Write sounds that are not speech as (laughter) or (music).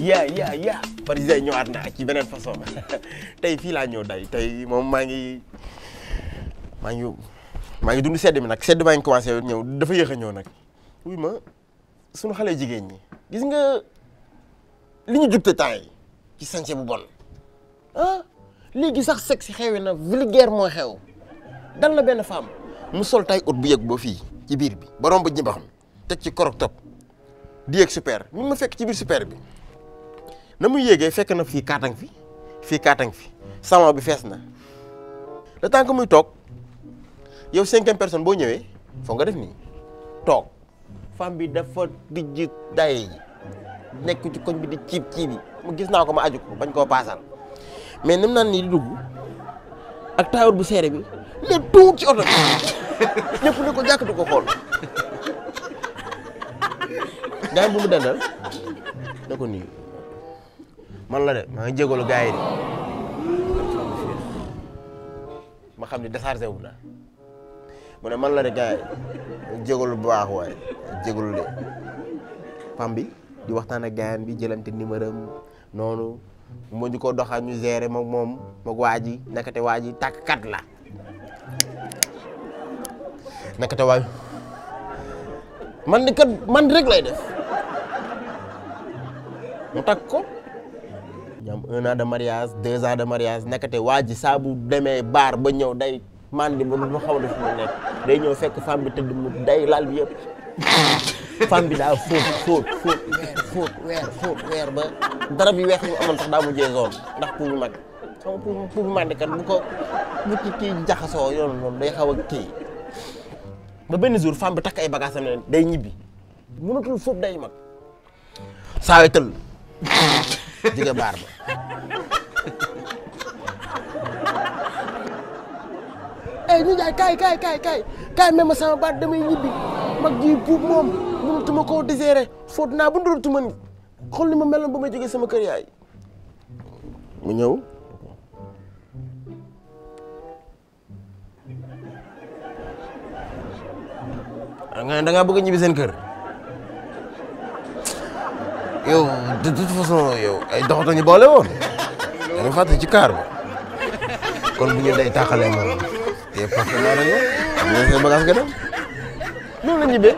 yaa yaa yaa par exemple ñëwaat ci beneen façon (laughs) tey fii laa ñëw day tey moom maa ngi maa ngi maa ngi dund sedd mi nag sedd maa ngi commencé ñëw dafa yéex a ñëw nag wuy ma sunu xale jigéen ñi gis nga li ñu jubte temps yi ci sance bu bon ah, léegi sax sexe xewi na vulgaire moo xew dal na benn femme mu sol tay ut bu yëg ba fii ci biir bi ba romb ñi ba xam teg ci korok top di yëg super mi ma fekk ci biir super bi na muy yéegee fekk na fi katang fi fi katang fi salon bi fees na le temps que muy toog yow cinquième personne boo ñëwee foog nga def nii toog femme bi dafa dijj daye nek nekk ci koñ bi di ciib ciib yi mu gis naa ko ma aju ko bañ koo paasal mais ni mu naan di dugg ak taawur bu seere bi ne tuut ci oto bi (laughs) ne ko jàkk di ko xool daan (laughs) bu mu dandal da ko nii man la de maa ngi jégalu yi de ma xam ne déchargé wu na mu ne man la de gars yi jégalu bu baax waaye jégalu de pam di waxtaan ak gars bi jëlante numéro am noonu mu ñu ko doxal ñu gérer moom moom moog waa ji nakate waa ji tàkkat la nakate waay man de kat def mu takk ko. ñu am un an de mariage deux ans de mariage nekkate waa ji saa demee baar ba ñëw day mandi ba mu xaw a def mu nekk day ñëw fekk femme bi tëdd mu day lal bi yëpp (laughs) femme bi dara bi weex ndax pour ñu mag bu ko bu ci jaxasoo yoon noonu day xaw a kii ba benn jour femme takk ay bagages am day ñibbi mënatul fóot day mag saa tëll (laughs) Juga barba. eh nijaay kaay kaay kaay kaay kaay même sama baat damay ñibbi mag ji buub moom mënatuma koo déséré foot bu ni xool ni ma sama kër yaay mu ñëw nga da bëgg seen kër yow de toute façon yow ay doxatoo ñu boole woon da nga fàtte ci kaar ba kon bu ñu day tàqalee moom yow partenaire nga am nga say bagage nga dem noonu la ñibbee